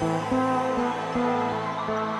Thank you.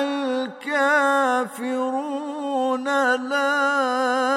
الكافرون لا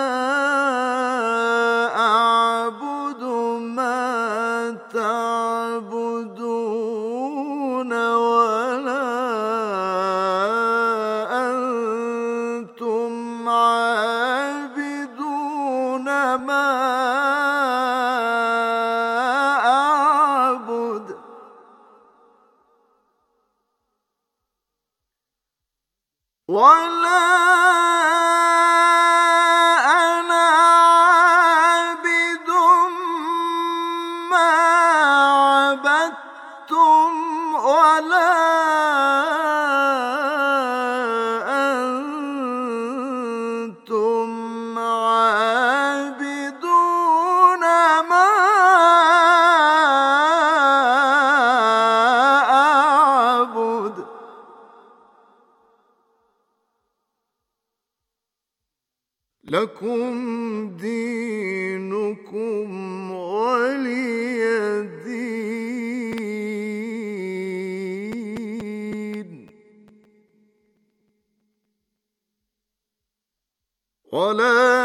لكم دينكم ولي دين ولا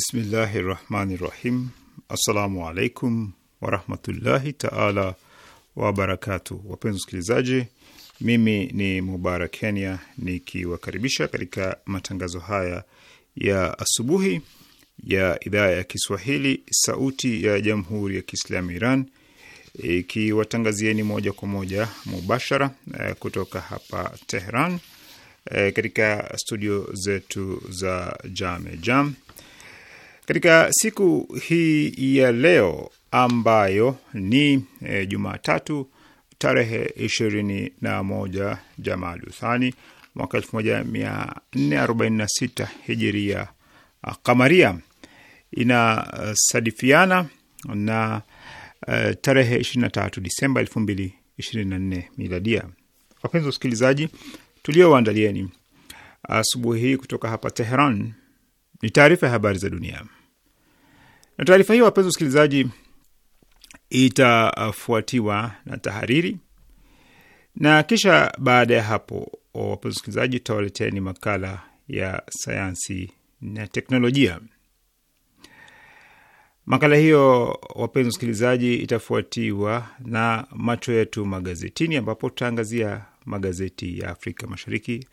Bismillahi rahmani rahim. Assalamu alaikum warahmatullahi taala wabarakatu. Wapenzi wasikilizaji, mimi ni Mubarak Kenya nikiwakaribisha katika matangazo haya ya asubuhi ya idhaa ya Kiswahili sauti ya jamhuri ya Kiislamu Iran ikiwatangazieni moja kwa moja mubashara eh, kutoka hapa Tehran eh, katika studio zetu za Jame Jam katika siku hii ya leo ambayo ni e, Jumatatu tarehe ishirini na moja mwaka elfu moja mia nne arobaini na sita hijiria kamaria inasadifiana na e, tarehe 23 Disemba 224 miladia. Wapenzi usikilizaji tuliowaandalieni asubuhi hii kutoka hapa Teheran ni taarifa ya habari za dunia. Na taarifa hiyo, wapenzi wasikilizaji, itafuatiwa na tahariri, na kisha baada ya hapo, wapenzi wasikilizaji, tutawaleteni makala ya sayansi na teknolojia. Makala hiyo wapenzi wasikilizaji, itafuatiwa na macho yetu magazetini, ambapo tutaangazia magazeti ya Afrika Mashariki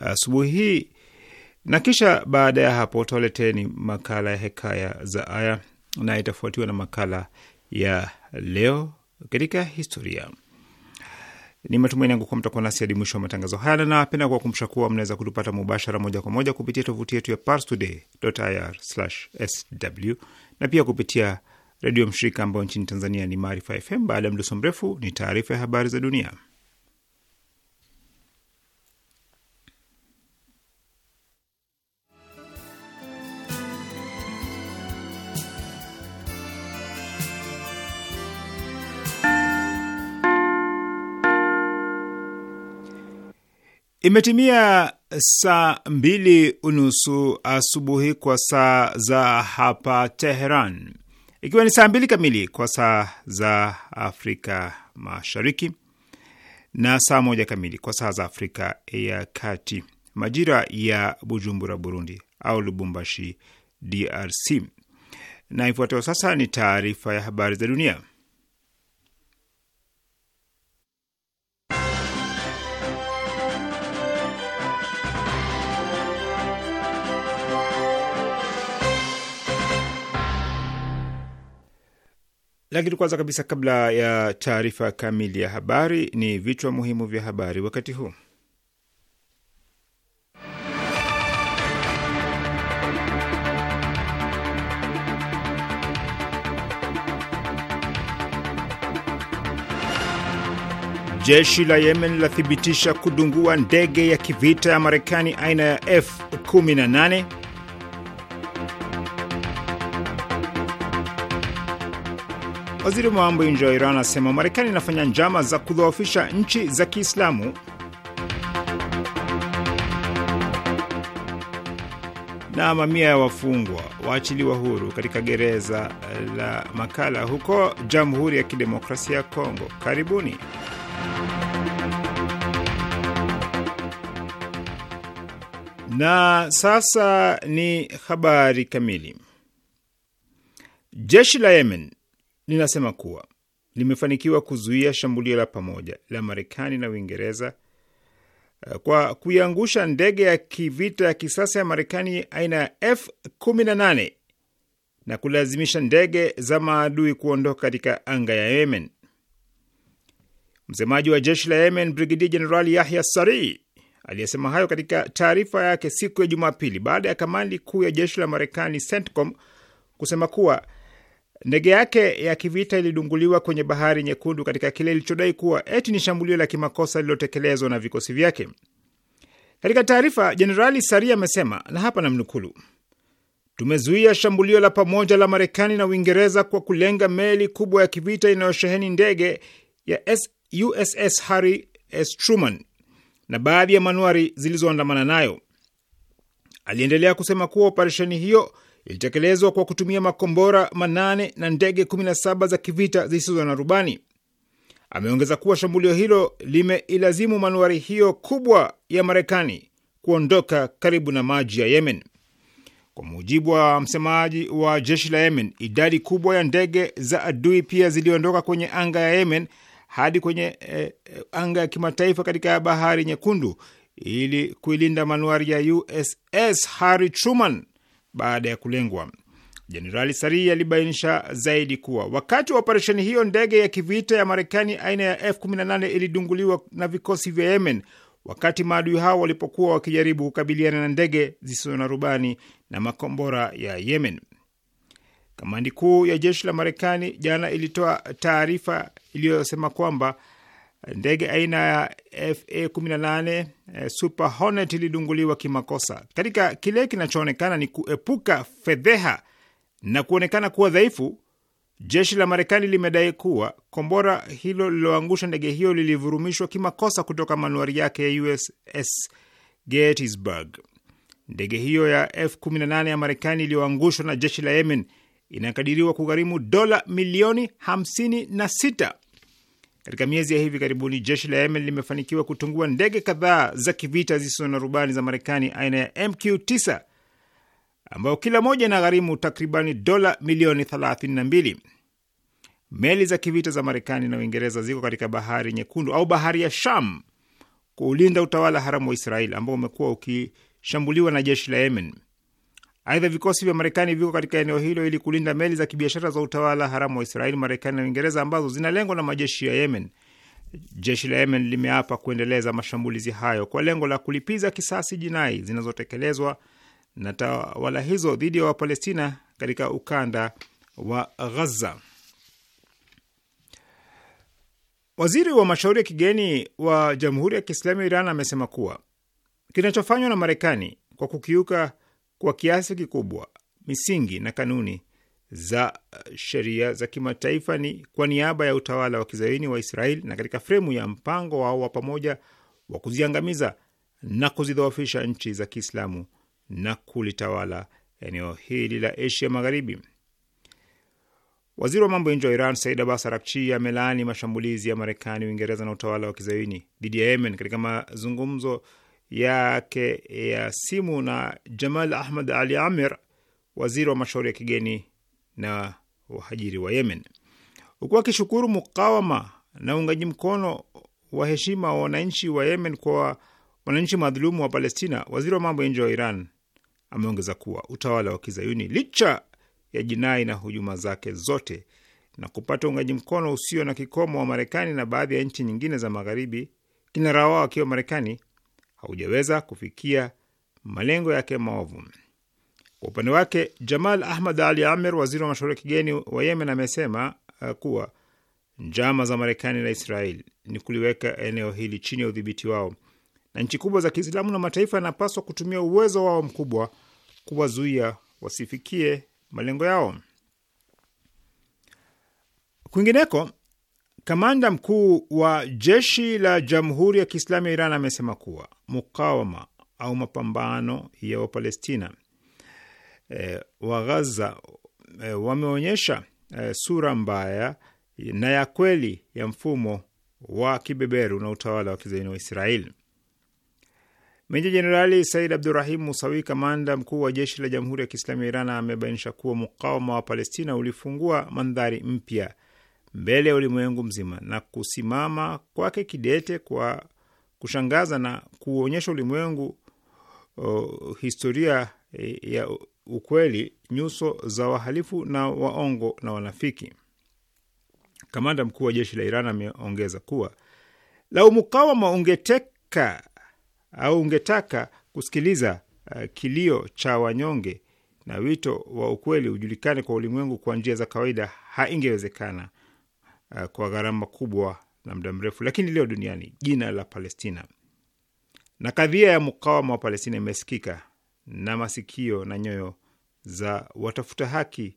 asubuhi hii na kisha baada ya hapo twaleteni makala ya hekaya za aya na itafuatiwa na makala ya leo katika historia. Ni matumaini yangu kuwa mtakuwa nasi hadi mwisho wa matangazo haya, na napenda kuwakumbusha kuwa mnaweza kutupata mubashara moja kwa moja kupitia tovuti yetu ya parstoday.ir/sw na pia kupitia redio mshirika ambayo nchini Tanzania ni Maarifa FM. Baada ya mdoso mrefu, ni taarifa ya habari za dunia. Imetimia saa mbili unusu asubuhi kwa saa za hapa Teheran, ikiwa ni saa mbili kamili kwa saa za Afrika Mashariki na saa moja kamili kwa saa za Afrika ya Kati, majira ya Bujumbura, Burundi au Lubumbashi, DRC. Na ifuatayo sasa ni taarifa ya habari za dunia. Lakini kwanza kabisa, kabla ya taarifa kamili ya habari, ni vichwa muhimu vya habari wakati huu. Jeshi la Yemen lathibitisha kudungua ndege ya kivita ya Marekani aina ya F18 Waziri wa mambo ya nje wa Iran anasema Marekani inafanya njama za kudhoofisha nchi za Kiislamu. Na mamia ya wafungwa waachiliwa huru katika gereza la Makala huko Jamhuri ya Kidemokrasia ya Kongo. Karibuni. Na sasa ni habari kamili. Jeshi la Yemen linasema kuwa limefanikiwa kuzuia shambulio la pamoja la Marekani na Uingereza eh, kwa kuiangusha ndege ya kivita ya kisasa ya Marekani aina ya F18 na kulazimisha ndege za maadui kuondoka katika anga ya Yemen. Msemaji wa jeshi la Yemen, Brigedia Jenerali Yahya Sari aliyesema hayo katika taarifa yake siku ya Jumapili baada ya kamandi kuu ya jeshi la Marekani CENTCOM kusema kuwa Ndege yake ya kivita ilidunguliwa kwenye Bahari Nyekundu katika kile ilichodai kuwa eti ni shambulio la kimakosa lililotekelezwa na vikosi vyake. Katika taarifa, Jenerali Sari amesema, na hapa namnukulu: tumezuia shambulio la pamoja la Marekani na Uingereza kwa kulenga meli kubwa ya kivita inayosheheni ndege ya USS Harry S. Truman na baadhi ya manuari zilizoandamana nayo. Aliendelea kusema kuwa operesheni hiyo ilitekelezwa kwa kutumia makombora manane na ndege 17 za kivita zisizo na rubani. Ameongeza kuwa shambulio hilo limeilazimu manuari hiyo kubwa ya Marekani kuondoka karibu na maji ya Yemen. Kwa mujibu wa msemaji wa jeshi la Yemen, idadi kubwa ya ndege za adui pia ziliondoka kwenye anga ya Yemen hadi kwenye eh, eh anga ya kimataifa katika bahari Nyekundu ili kuilinda manuari ya USS Harry Truman baada ya kulengwa. Jenerali Sari alibainisha zaidi kuwa wakati wa operesheni hiyo ndege ya kivita ya Marekani aina ya F18 ilidunguliwa na vikosi vya Yemen wakati maadui hao walipokuwa wakijaribu kukabiliana na ndege zisizo na rubani na makombora ya Yemen. Kamandi kuu ya jeshi la Marekani jana ilitoa taarifa iliyosema kwamba ndege aina ya FA 18 eh, Super Hornet ilidunguliwa kimakosa katika kile kinachoonekana ni kuepuka fedheha na kuonekana kuwa dhaifu. Jeshi la Marekani limedai kuwa kombora hilo lililoangusha ndege hiyo lilivurumishwa kimakosa kutoka manuari yake ya USS Gettysburg. Ndege hiyo ya F18 ya Marekani iliyoangushwa na jeshi la Yemen inakadiriwa kugharimu dola milioni 56 katika miezi ya hivi karibuni jeshi la Yemen limefanikiwa kutungua ndege kadhaa za kivita zisizo na rubani za Marekani aina ya MQ9 ambayo kila moja inagharimu takribani dola milioni 32. Meli za kivita za Marekani na Uingereza ziko katika bahari nyekundu au bahari ya Sham kuulinda utawala haramu wa Israel ambao umekuwa ukishambuliwa na jeshi la Yemen. Aidha, vikosi vya Marekani viko katika eneo hilo ili kulinda meli za kibiashara za utawala haramu wa Israeli, Marekani na Uingereza ambazo zinalengwa na majeshi ya Yemen. Jeshi la Yemen limeapa kuendeleza mashambulizi hayo kwa lengo la kulipiza kisasi jinai zinazotekelezwa na tawala hizo dhidi ya Wapalestina katika ukanda wa Ghaza. Waziri wa mashauri ya kigeni wa Jamhuri ya Kiislamu ya Iran amesema kuwa kinachofanywa na Marekani kwa kukiuka kwa kiasi kikubwa misingi na kanuni za uh, sheria za kimataifa ni kwa niaba ya utawala wa kizayuni wa Israel na katika fremu ya mpango wao wa pamoja wa kuziangamiza na kuzidhoofisha nchi za Kiislamu na kulitawala eneo hili la Asia Magharibi. Waziri wa mambo ya nje wa Iran Said Abbas Arakchi amelaani mashambulizi ya Marekani, Uingereza na utawala wa kizayuni dhidi ya Yemen katika mazungumzo yake ya simu na Jamal Ahmad Ali Amir, waziri wa mashauri ya kigeni na wahajiri wa Yemen, huku akishukuru mukawama na uungaji mkono wa heshima wa wananchi wa Yemen kwa wananchi madhulumu wa Palestina. Waziri wa mambo ya nje wa Iran ameongeza kuwa utawala wa kizayuni licha ya jinai na hujuma zake zote na kupata uungaji mkono usio na kikomo wa Marekani na baadhi ya nchi nyingine za Magharibi, kinara wao akiwa Marekani haujaweza kufikia malengo yake maovu. Kwa upande wake, Jamal Ahmad Ali Amer, waziri wa mashauri ya kigeni wa Yemen, amesema uh, kuwa njama za Marekani na Israel ni kuliweka eneo hili chini ya udhibiti wao, na nchi kubwa za Kiislamu na mataifa yanapaswa kutumia uwezo wao mkubwa kuwazuia wasifikie malengo yao. Kwingineko, Kamanda mkuu wa jeshi la Jamhuri ya Kiislamu ya Iran amesema kuwa mukawama au mapambano ya Wapalestina e, wa Ghaza e, eh, wameonyesha e, sura mbaya na ya kweli ya mfumo wa kibeberu na utawala wa kizaini wa Israeli. Meja Jenerali Said Abdurahim Musawi, kamanda mkuu wa jeshi la Jamhuri ya Kiislamu ya Iran, amebainisha kuwa mukawama wa Palestina ulifungua mandhari mpya mbele ya ulimwengu mzima na kusimama kwake kidete kwa kushangaza na kuonyesha ulimwengu uh, historia e, ya ukweli, nyuso za wahalifu na waongo na wanafiki. Kamanda mkuu wa jeshi la Iran ameongeza kuwa lau mukawama ungeteka au ungetaka kusikiliza uh, kilio cha wanyonge na wito wa ukweli ujulikane kwa ulimwengu kwa njia za kawaida, haingewezekana. Eh, kwa gharama kubwa na muda mrefu. Lakini leo duniani jina la Palestina na kadhia ya mukawama wa Palestina imesikika na masikio na nyoyo za watafuta haki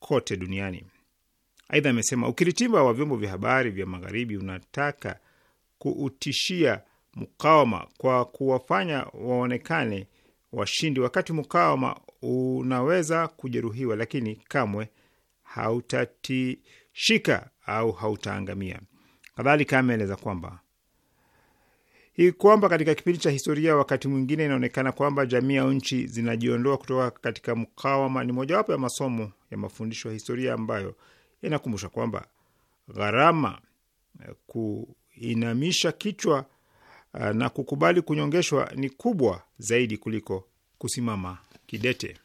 kote duniani. Aidha amesema ukiritimba wa vyombo vya habari vya magharibi unataka kuutishia mukawama kwa kuwafanya waonekane washindi, wakati mukawama unaweza kujeruhiwa, lakini kamwe hautati shika au hautaangamia. Kadhalika ameeleza kwamba hii kwamba katika kipindi cha historia, wakati mwingine inaonekana kwamba jamii au nchi zinajiondoa kutoka katika mkawama, ni mojawapo ya masomo ya mafundisho ya historia ambayo yanakumbusha kwamba gharama eh, kuinamisha kichwa eh, na kukubali kunyongeshwa ni kubwa zaidi kuliko kusimama kidete.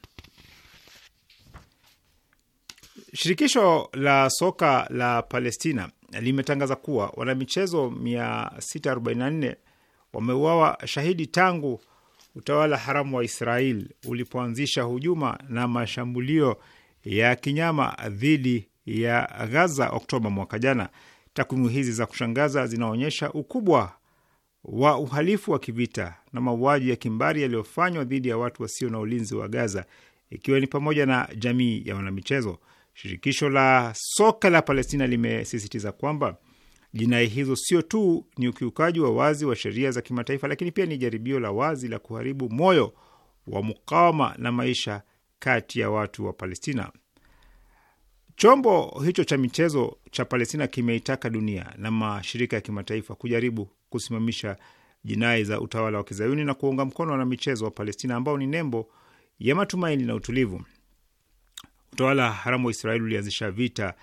Shirikisho la soka la Palestina limetangaza kuwa wanamichezo 644 wameuawa shahidi tangu utawala haramu wa Israel ulipoanzisha hujuma na mashambulio ya kinyama dhidi ya Gaza Oktoba mwaka jana. Takwimu hizi za kushangaza zinaonyesha ukubwa wa uhalifu wa kivita na mauaji ya kimbari yaliyofanywa dhidi ya watu wasio na ulinzi wa Gaza, ikiwa ni pamoja na jamii ya wanamichezo. Shirikisho la soka la Palestina limesisitiza kwamba jinai hizo sio tu ni ukiukaji wa wazi wa sheria za kimataifa, lakini pia ni jaribio la wazi la kuharibu moyo wa mukawama na maisha kati ya watu wa Palestina. Chombo hicho cha michezo cha Palestina kimeitaka dunia na mashirika ya kimataifa kujaribu kusimamisha jinai za utawala wa kizayuni na kuwaunga mkono wanamichezo wa Palestina ambao ni nembo ya matumaini na utulivu utawala haramu wa Israeli ulianzisha vita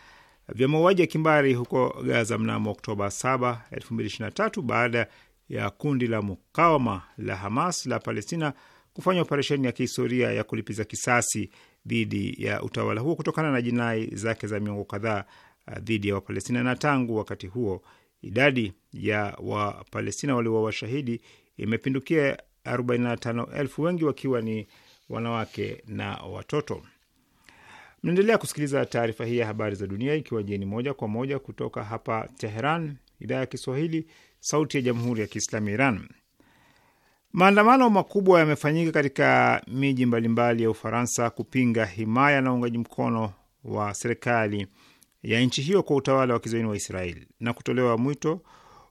vya mauaji ya kimbari huko Gaza mnamo Oktoba 7, 2023 baada ya kundi la mukawama la Hamas la Palestina kufanya operesheni ya kihistoria ya kulipiza kisasi dhidi ya utawala huo kutokana na jinai zake za miongo kadhaa uh, dhidi ya Wapalestina. Na tangu wakati huo idadi ya Wapalestina walio washahidi imepindukia 45,000 wengi wakiwa ni wanawake na watoto. Mnaendelea kusikiliza taarifa hii ya habari za dunia ikiwa jeni moja kwa moja kutoka hapa Teheran, idhaa ya Kiswahili, sauti ya jamhuri ya kiislamu ya Iran. Maandamano makubwa yamefanyika katika miji mbalimbali ya Ufaransa kupinga himaya na uungaji mkono wa serikali ya nchi hiyo kwa utawala wa kizoeni wa Israeli na kutolewa mwito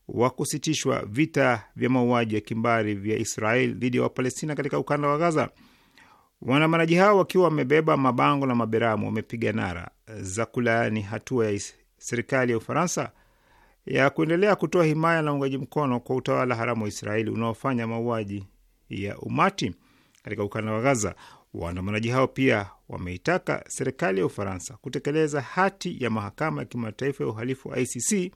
wa kusitishwa vita vya mauaji ya kimbari vya Israeli dhidi ya Wapalestina katika ukanda wa Gaza. Waandamanaji hao wakiwa wamebeba mabango na maberamu wamepiga nara za kulaani hatua ya serikali ya Ufaransa ya kuendelea kutoa himaya na uungaji mkono kwa utawala haramu wa Israeli unaofanya mauaji ya umati katika ukanda wa Gaza. Waandamanaji hao pia wameitaka serikali ya Ufaransa kutekeleza hati ya mahakama ya kimataifa ya uhalifu wa ICC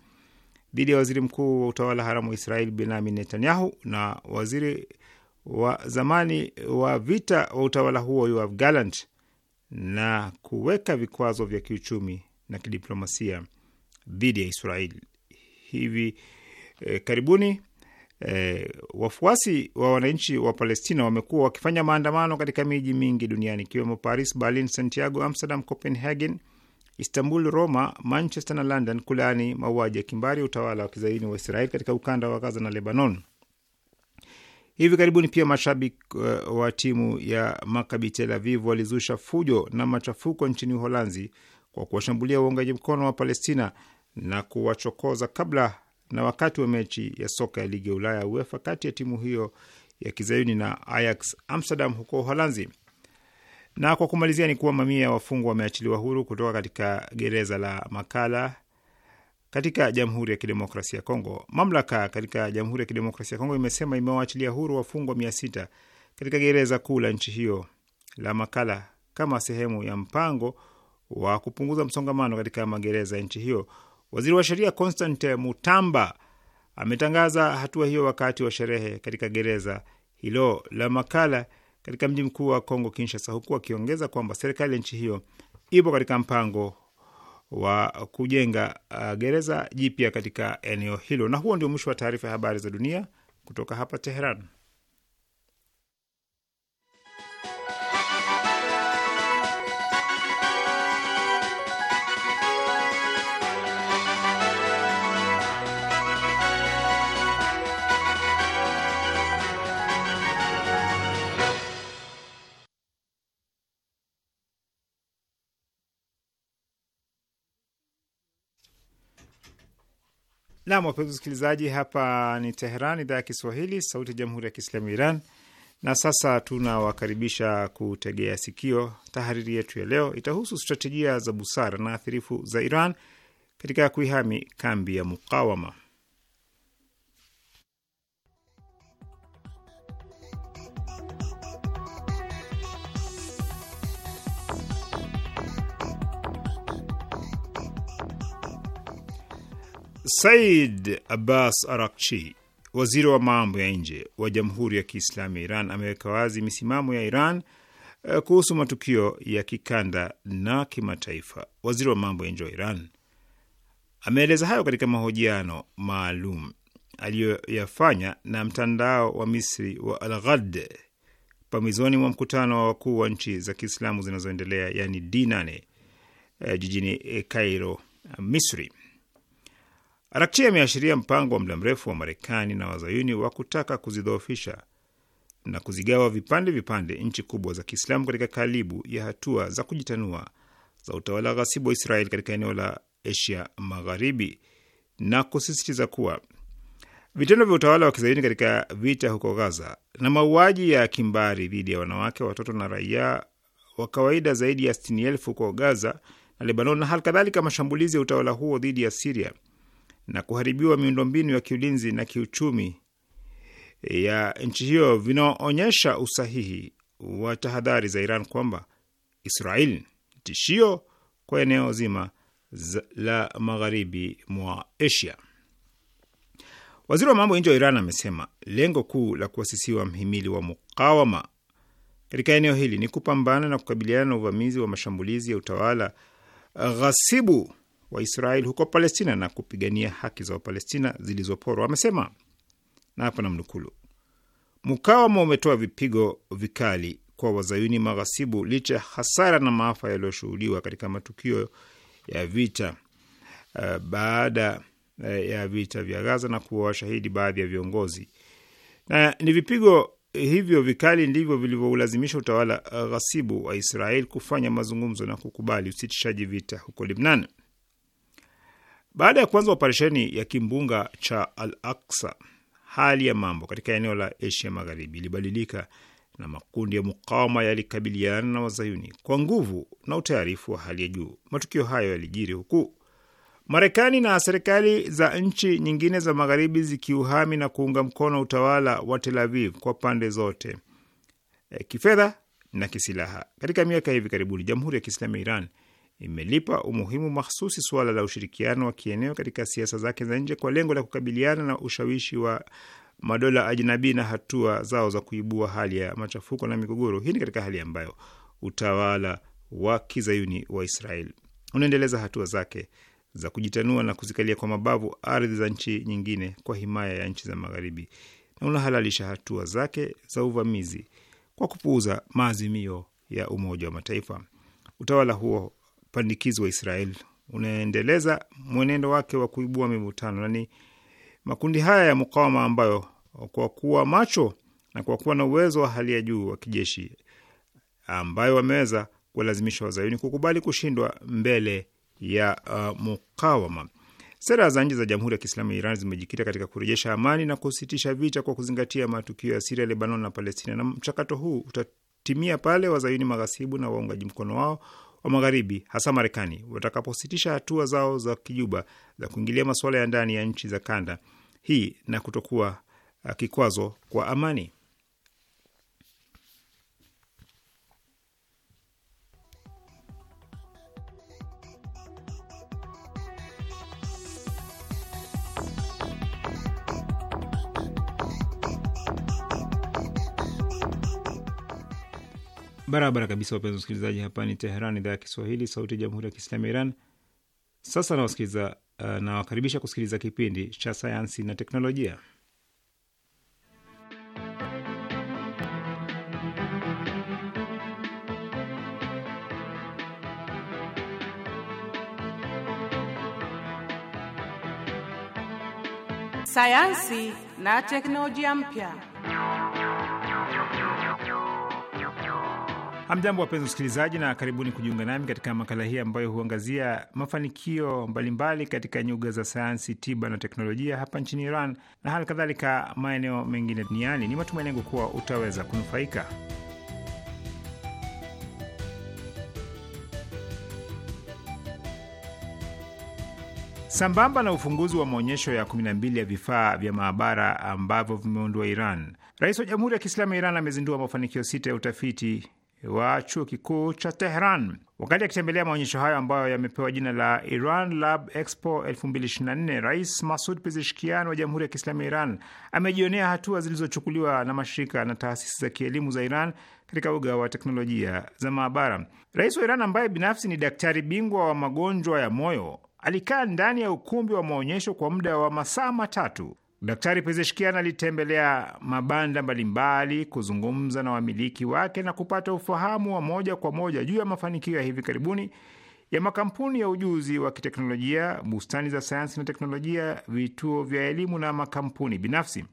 dhidi ya waziri mkuu wa utawala haramu wa Israeli Benyamin Netanyahu na waziri wa zamani wa vita wa utawala huo Yoav Gallant na kuweka vikwazo vya kiuchumi na kidiplomasia dhidi ya israel Hivi e, karibuni e, wafuasi wa wananchi wa Palestina wamekuwa wakifanya maandamano katika miji mingi duniani ikiwemo Paris, Berlin, Santiago, Amsterdam, Copenhagen, Istanbul, Roma, Manchester na London kulaani mauaji ya kimbari ya utawala wa kizaini wa Israeli katika ukanda wa Gaza na Lebanon. Hivi karibuni pia mashabiki uh, wa timu ya Maccabi Tel Aviv walizusha fujo na machafuko nchini Uholanzi kwa kuwashambulia waungaji mkono wa Palestina na kuwachokoza kabla na wakati wa mechi ya soka ya ligi ya Ulaya UEFA kati ya timu hiyo ya kizayuni na Ajax Amsterdam huko Uholanzi. Na kwa kumalizia ni kuwa mamia ya wafungwa wameachiliwa huru kutoka katika gereza la Makala katika Jamhuri ya Kidemokrasia ya Kongo. Mamlaka katika Jamhuri ya Kidemokrasia ya Kongo imesema imewaachilia huru wafungwa mia sita katika gereza kuu la nchi hiyo la Makala kama sehemu ya mpango wa kupunguza msongamano katika magereza ya nchi hiyo. Waziri wa Sheria Constant Mutamba ametangaza hatua hiyo wakati wa sherehe katika gereza hilo la Makala katika mji mkuu wa Kongo, Kinshasa, huku akiongeza kwamba serikali ya nchi hiyo ipo katika mpango wa kujenga uh, gereza jipya katika eneo hilo. Na huo ndio mwisho wa taarifa ya habari za dunia kutoka hapa Teheran. Nam, wapenzi wasikilizaji, hapa ni Teheran, idhaa ya Kiswahili, sauti ya jamhuri ya kiislamu ya Iran. Na sasa tunawakaribisha kutegea sikio tahariri yetu ya leo. Itahusu strategia za busara na athirifu za Iran katika kuihami kambi ya mukawama. Said Abbas Arakchi, waziri wa mambo ya nje wa Jamhuri ya Kiislamu ya Iran, ameweka wazi misimamo ya Iran eh, kuhusu matukio ya kikanda na kimataifa. Waziri wa mambo ya nje wa Iran ameeleza hayo katika mahojiano maalum aliyoyafanya na mtandao wa Misri wa Al-Ghad pamizoni mwa mkutano wa wakuu wa nchi za Kiislamu zinazoendelea yani D8 eh, jijini eh, Cairo, Misri. Arakchi ameashiria mpango wa muda mrefu wa Marekani na wazayuni wa kutaka kuzidhoofisha na kuzigawa vipande vipande nchi kubwa za Kiislamu katika kalibu ya hatua za kujitanua za utawala ghasibu wa Israeli katika eneo la Asia Magharibi na kusisitiza kuwa vitendo vya utawala wa kizayuni katika vita huko Gaza na mauaji ya kimbari dhidi ya wanawake, watoto na raia wa kawaida zaidi ya elfu huko Gaza na Lebanon na hali kadhalika mashambulizi ya utawala huo dhidi ya Siria na kuharibiwa miundombinu ya kiulinzi na kiuchumi ya nchi hiyo vinaonyesha usahihi wa tahadhari za Iran kwamba Israel ni tishio kwa eneo zima la magharibi mwa Asia. Waziri wa mambo ya nje wa Iran amesema lengo kuu la kuasisiwa mhimili wa mukawama katika eneo hili ni kupambana na kukabiliana na uvamizi wa mashambulizi ya utawala ghasibu wa Israel huko Palestina na kupigania haki za Wapalestina zilizoporwa. Amesema na hapa namnukulu, mkawama umetoa vipigo vikali kwa wazayuni maghasibu licha ya hasara na maafa yaliyoshuhudiwa katika matukio ya vita uh, baada uh, ya vita vya Gaza na kuwa washahidi baadhi ya viongozi na ni vipigo hivyo vikali ndivyo vilivyoulazimisha utawala eh, ghasibu wa Israel kufanya mazungumzo na kukubali usitishaji vita huko Libnan. Baada ya kuanza operesheni ya kimbunga cha Al Aksa, hali ya mambo katika eneo la Asia Magharibi ilibadilika na makundi ya mukawama yalikabiliana na wazayuni kwa nguvu na utayarifu wa hali ya juu. Matukio hayo yalijiri huku Marekani na serikali za nchi nyingine za magharibi zikiuhami na kuunga mkono utawala wa Tel Aviv kwa pande zote, e, kifedha na kisilaha. Katika miaka hivi karibuni, Jamhuri ya Kiislamu ya Iran imelipa umuhimu mahsusi suala la ushirikiano wa kieneo katika siasa zake za nje kwa lengo la kukabiliana na ushawishi wa madola ajnabi na hatua zao za kuibua hali ya machafuko na migogoro. Hii ni katika hali ambayo utawala wa kizayuni wa Israel unaendeleza hatua zake za kujitanua na kuzikalia kwa mabavu ardhi za nchi nyingine kwa himaya ya nchi za Magharibi, na unahalalisha hatua zake za uvamizi kwa kupuuza maazimio ya Umoja wa Mataifa. Utawala huo wa Israel unaendeleza mwenendo wake wa kuibua mivutano, na ni makundi haya ya mukawama ambayo kwa kuwa macho na kwa kuwa na uwezo wa hali ya juu wa kijeshi ambayo wameweza kuwalazimisha wazayuni kukubali kushindwa mbele ya uh, mukawama. Sera za nje za Jamhuri ya Kiislamu ya Iran zimejikita katika kurejesha amani na kusitisha vita kwa kuzingatia matukio ya Siria, Lebanon na Palestina, na mchakato huu utatimia pale wazayuni maghasibu na waungaji mkono wao wa Magharibi, hasa Marekani, watakapositisha hatua zao za kijuba za kuingilia masuala ya ndani ya nchi za kanda hii na kutokuwa eh, kikwazo kwa amani. barabara kabisa, wapenzi wasikilizaji. Hapa ni Teheran, idhaa ya Kiswahili, sauti ya jamhuri ya kiislamu ya Iran. Sasa nawasikiliza uh, nawakaribisha kusikiliza kipindi cha sayansi na teknolojia. Sayansi na teknolojia mpya. Hamjambo wapenzi wasikilizaji, na karibuni kujiunga nami katika makala hii ambayo huangazia mafanikio mbalimbali mbali katika nyuga za sayansi, tiba na teknolojia hapa nchini Iran na hali kadhalika maeneo mengine duniani. Ni matumaini yangu kuwa utaweza kunufaika. Sambamba na ufunguzi wa maonyesho ya 12 ya vifaa vya maabara ambavyo vimeundwa Iran, rais wa Jamhuri ya Kiislamu ya Iran amezindua mafanikio sita ya utafiti wa chuo kikuu cha Tehran. Wakati akitembelea maonyesho hayo ambayo yamepewa jina la Iran Lab Expo 2024, Rais Masud Pezeshkian wa Jamhuri ya Kiislamu ya Iran amejionea hatua zilizochukuliwa na mashirika na taasisi za kielimu za Iran katika uga wa teknolojia za maabara. Rais wa Iran ambaye binafsi ni daktari bingwa wa magonjwa ya moyo alikaa ndani ya ukumbi wa maonyesho kwa muda wa masaa matatu Daktari Pezeshkian alitembelea mabanda mbalimbali kuzungumza na wamiliki wake na kupata ufahamu wa moja kwa moja juu ya mafanikio ya hivi karibuni ya makampuni ya ujuzi wa kiteknolojia, bustani za sayansi na teknolojia, vituo vya elimu na makampuni binafsi.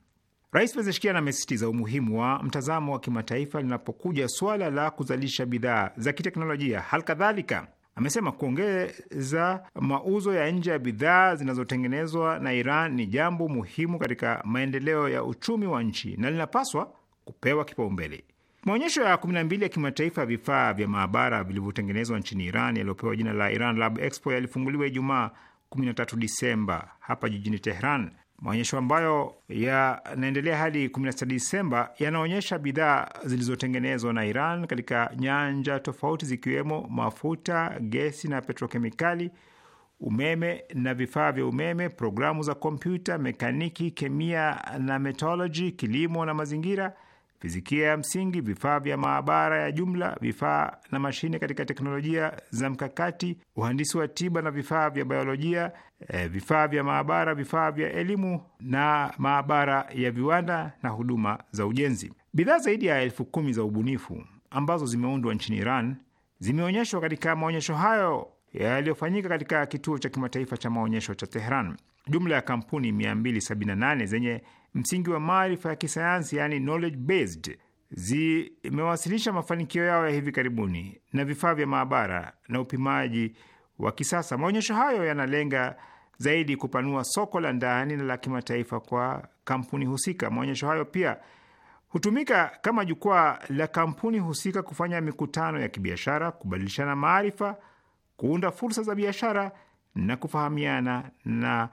Rais Pezeshkian amesisitiza umuhimu wa mtazamo wa kimataifa linapokuja suala la kuzalisha bidhaa za kiteknolojia. Hali kadhalika Amesema kuongeza mauzo ya nje ya bidhaa zinazotengenezwa na Iran ni jambo muhimu katika maendeleo ya uchumi wa nchi na linapaswa kupewa kipaumbele. Maonyesho ya 12 ya kimataifa ya vifaa vya maabara vilivyotengenezwa nchini Iran yaliyopewa jina la Iran Lab Expo yalifunguliwa Ijumaa 13 Disemba hapa jijini Tehran Maonyesho ambayo yanaendelea hadi 16 Disemba yanaonyesha bidhaa zilizotengenezwa na Iran katika nyanja tofauti zikiwemo mafuta, gesi na petrokemikali, umeme na vifaa vya umeme, programu za kompyuta, mekaniki, kemia na metoloji kilimo na mazingira fizikia ya msingi, vifaa vya maabara ya jumla, vifaa na mashine katika teknolojia za mkakati, uhandisi wa tiba na vifaa vya biolojia, e, vifaa vya maabara, vifaa vya elimu na maabara ya viwanda na huduma za ujenzi. Bidhaa zaidi ya elfu kumi za ubunifu ambazo zimeundwa nchini Iran zimeonyeshwa katika maonyesho hayo yaliyofanyika katika kituo cha kimataifa cha maonyesho cha Tehran. Jumla ya kampuni 278 zenye msingi wa maarifa ya kisayansi yani knowledge based zimewasilisha mafanikio yao ya hivi karibuni na vifaa vya maabara na upimaji wa kisasa. Maonyesho hayo yanalenga zaidi kupanua soko la ndani na la kimataifa kwa kampuni husika. Maonyesho hayo pia hutumika kama jukwaa la kampuni husika kufanya mikutano ya kibiashara, kubadilishana maarifa, kuunda fursa za biashara na kufahamiana na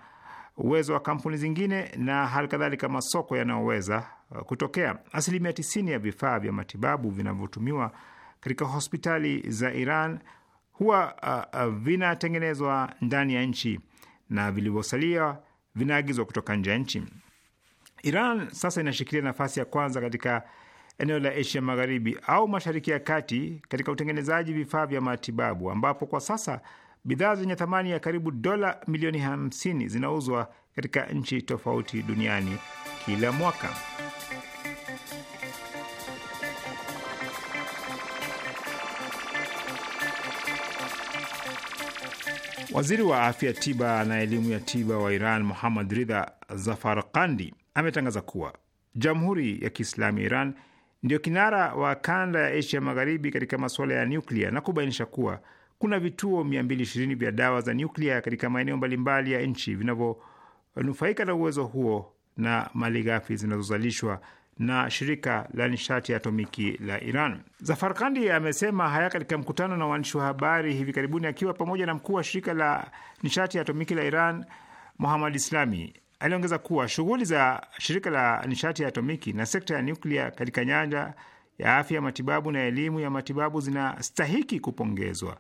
uwezo wa kampuni zingine na hali kadhalika masoko yanayoweza uh, kutokea. Asilimia tisini ya vifaa vya matibabu vinavyotumiwa katika hospitali za Iran huwa uh, uh, vinatengenezwa ndani ya nchi na vilivyosalia vinaagizwa kutoka nje ya nchi. Iran sasa inashikilia nafasi ya kwanza katika eneo la Asia Magharibi au Mashariki ya Kati katika utengenezaji vifaa vya matibabu ambapo kwa sasa Bidhaa zenye thamani ya karibu dola milioni 50 zinauzwa katika nchi tofauti duniani kila mwaka. Waziri wa afya tiba na elimu ya tiba wa Iran Muhammad Ridha Zafarkandi ametangaza kuwa Jamhuri ya Kiislamu ya Iran ndiyo kinara wa kanda ya Asia Magharibi katika masuala ya nyuklia na kubainisha kuwa kuna vituo 220 vya dawa za nyuklia katika maeneo mbalimbali ya nchi vinavyonufaika na uwezo huo na mali gafi zinazozalishwa na shirika la nishati ya atomiki la Iran. Zafarkandi amesema haya katika mkutano na waandishi wa habari hivi karibuni akiwa pamoja na mkuu wa shirika la nishati ya atomiki la Iran Muhammad Islami. Aliongeza kuwa shughuli za shirika la nishati ya atomiki na sekta ya nyuklia katika nyanja ya afya, matibabu na elimu ya matibabu zinastahiki kupongezwa